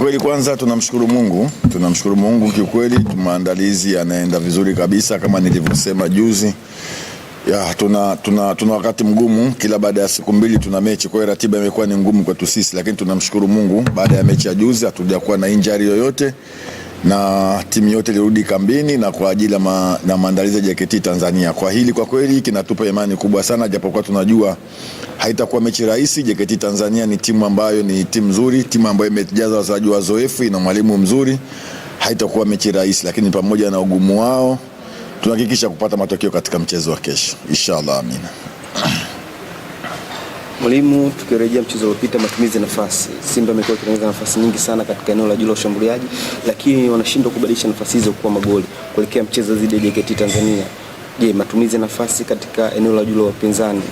kweli kwanza tunamshukuru Mungu, tunamshukuru Mungu kiukweli, maandalizi yanaenda vizuri kabisa kama nilivyosema juzi. Ya, tuna, tuna, tuna wakati mgumu kila baada ya siku mbili tuna mechi, kwa hiyo ratiba imekuwa ni ngumu kwetu sisi, lakini tunamshukuru Mungu, baada ya mechi ya juzi hatujakuwa na injari yoyote na timu yote ilirudi kambini na kwa ajili ma, na maandalizi ya JKT Tanzania. Kwa hili kwa kweli kinatupa imani kubwa sana, japokuwa tunajua haitakuwa mechi rahisi. JKT Tanzania ni timu ambayo ni timu nzuri, timu ambayo imejaza wachezaji wazoefu, ina mwalimu mzuri, haitakuwa mechi rahisi, lakini pamoja na ugumu wao tunahakikisha kupata matokeo katika mchezo wa kesho, inshallah, amina. Mwalimu, tukirejea mchezo uliopita, matumizi ya nafasi, Simba imekuwa ikitengeneza nafasi nyingi sana katika eneo la juu la ushambuliaji, lakini wanashindwa kubadilisha nafasi hizo kuwa magoli kuelekea mchezo dhidi ya JKT Tanzania. Je, matumizi ya nafasi katika eneo la juu la wapinzani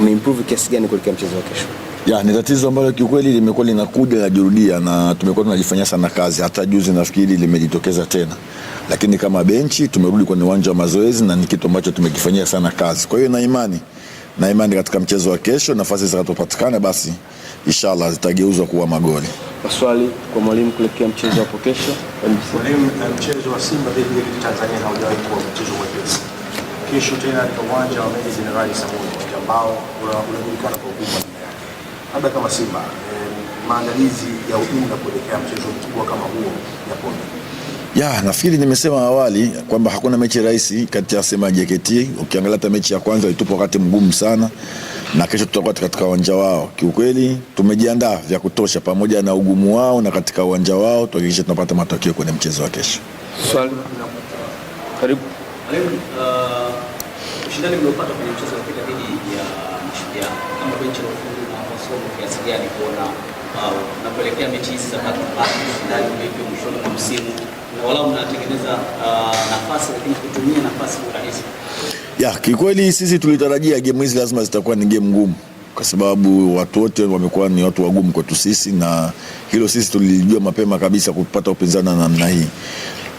umeimprove kiasi gani kuelekea mchezo wa kesho? Ya, ni tatizo ambalo kiukweli limekuwa linakuja lajirudia na tumekuwa tunajifanyia sana kazi, hata juzi nafikiri limejitokeza tena, lakini kama benchi tumerudi kwenye uwanja wa mazoezi na ni kitu ambacho tumekifanyia sana kazi, kwa hiyo na imani na imani katika mchezo wa kesho, nafasi zitakapopatikana basi inshallah zitageuzwa kuwa magoli. Maswali kwa mwalimu kuelekea mchezo hapo kesho. Mwalimu, mchezo wa Simba dhidi ya Tanzania haujawahi kuwa mchezo mwepesi. Kesho tena katika uwanja wa Meja Jenerali Samuel ambao unajulikana kwa ukubwa, labda kama Simba eh, maandalizi ya ujumla kuelekea mchezo mkubwa kama huo yakoje? Ya, nafikiri nimesema awali kwamba hakuna mechi rahisi kati ya Sema JKT. Ukiangalia hata mechi ya kwanza ilitupa wakati mgumu sana, na kesho tutakuwa katika uwanja wao. Kiukweli tumejiandaa vya kutosha, pamoja na ugumu wao na katika uwanja wao, tuhakikishe tunapata matokeo kwenye mchezo wa kesho. Swali karibu. Uh, ushindani mliopata kwenye mchezo wa kesho dhidi ya Mashujaa, kama benchi la ufundi na masomo kiasi gani kuona uh, na kuelekea mechi hizi za mwisho wa msimu wala mnatengeneza uh, nafasi lakini kutumia nafasi kwa urahisi. Ya, kikweli sisi tulitarajia game hizi lazima zitakuwa ni game ngumu kwa sababu watu wote wamekuwa ni watu wagumu kwetu sisi, na hilo sisi tulijua mapema kabisa kupata upinzani na namna hii.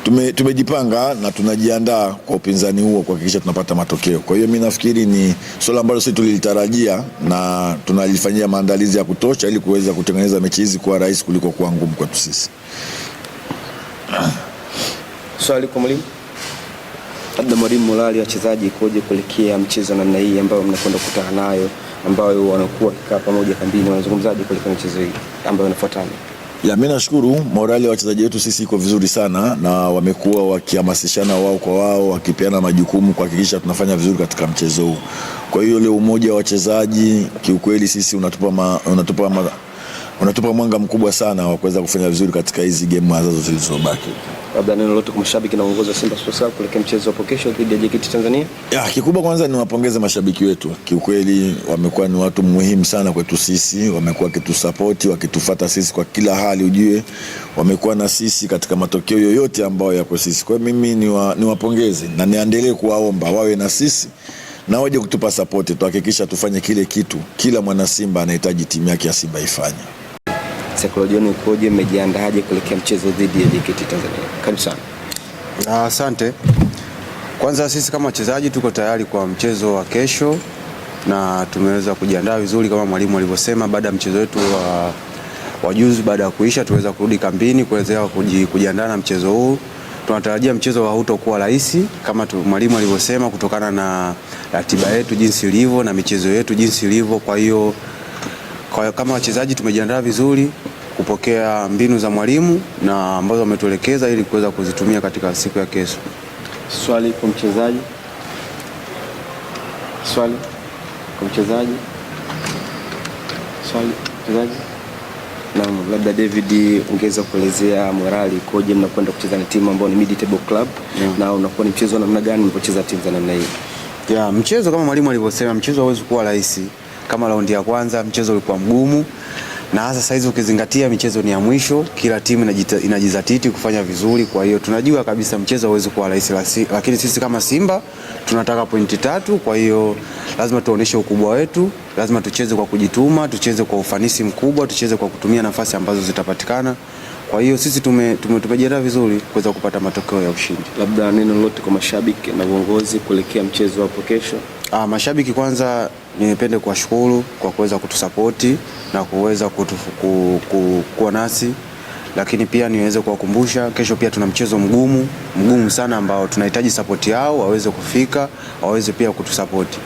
Tume, tumejipanga na tunajiandaa kwa upinzani huo kuhakikisha tunapata matokeo. Kwa hiyo mi nafikiri ni swala ambalo sisi tulilitarajia na tunalifanyia maandalizi ya kutosha ili kuweza kutengeneza mechi hizi kuwa rahisi kuliko kuwa ngumu kwetu sisi. Swali kwa mwalimu. Labda mwalimu, morali wachezaji ikoje kuelekea mchezo namna hii ambayo mnakwenda kukutana nayo ambayo wanakuwa kikaa pamoja kambini, wanazungumzaje kuelekea mchezo hii ambayo inafuatana? Ya, mimi nashukuru morali ya wachezaji wetu sisi iko vizuri sana, na wamekuwa wakihamasishana wao kwa wao, wakipeana majukumu kuhakikisha tunafanya vizuri katika mchezo huu. Kwa hiyo ile umoja wa wachezaji kiukweli sisi unatupa ma, unatupa ma, unatupa mwanga mkubwa sana wa kuweza kufanya vizuri katika hizi game ambazo zilizobaki. Labda neno lote kwa mashabiki na uongozi wa Simba Sports Club kuelekea mchezo hapo kesho dhidi ya JKT Tanzania? Ya, kikubwa kwanza niwapongeze mashabiki wetu. Kiukweli wamekuwa ni watu muhimu sana kwetu sisi, wamekuwa wakitusapoti, wakitufuata sisi kwa kila hali ujue. Wamekuwa na sisi katika matokeo yoyote ambayo yako sisi. Kwa wa, ni wapongeze na niendelee kuwaomba wawe na sisi na waje kutupa sapoti, tuhakikisha tufanye kile kitu kila mwana Simba anahitaji timu yake ya Simba ifanye saikolojia yenu ikoje? Mmejiandaaje kuelekea mchezo dhidi ya JKT Tanzania? Karibu sana. Asante. Kwanza sisi kama wachezaji tuko tayari kwa mchezo wa kesho na tumeweza kujiandaa vizuri kama mwalimu alivyosema. Baada ya mchezo wetu wa wajuzi, baada ya kuisha, tuweza kurudi kambini kuweza kujiandaa na mchezo huu. Tunatarajia mchezo hautokuwa rahisi kama mwalimu alivyosema, kutokana na ratiba yetu jinsi ilivyo na michezo yetu jinsi ilivyo, kwa hiyo kwa kama wachezaji tumejiandaa vizuri kupokea mbinu za mwalimu na ambazo ametuelekeza ili kuweza kuzitumia katika siku ya kesho. Swali kwa mchezaji. Swali kwa mchezaji. Swali mchezaji. Na labda David, ungeweza kuelezea morali ikoje mnakwenda kucheza na timu ambayo ni mid table club yeah. Na unakuwa ni mchezo wa namna gani mnapocheza timu za namna hii? Yeah, mchezo kama mwalimu alivyosema, mchezo hauwezi kuwa rahisi kama raundi ya kwanza mchezo ulikuwa mgumu, na hasa saizi ukizingatia michezo ni ya mwisho, kila timu inajizatiti kufanya vizuri. Kwa hiyo tunajua kabisa mchezo hauwezi kuwa rahisi, lakini sisi kama Simba tunataka pointi tatu. Kwa hiyo lazima tuoneshe ukubwa wetu, lazima tucheze kwa kujituma, tucheze kwa ufanisi mkubwa, tucheze kwa kutumia nafasi ambazo zitapatikana. Kwa hiyo sisi tume, tume, tumejiandaa vizuri kuweza kupata matokeo ya ushindi. Labda neno lolote kwa mashabiki na viongozi kuelekea mchezo hapo kesho? Ah, mashabiki kwanza nipende kuwashukuru kwa kuweza kutusapoti na kuweza kuwa nasi, lakini pia niweze kuwakumbusha kesho pia tuna mchezo mgumu mgumu sana ambao tunahitaji sapoti yao waweze kufika waweze pia kutusapoti.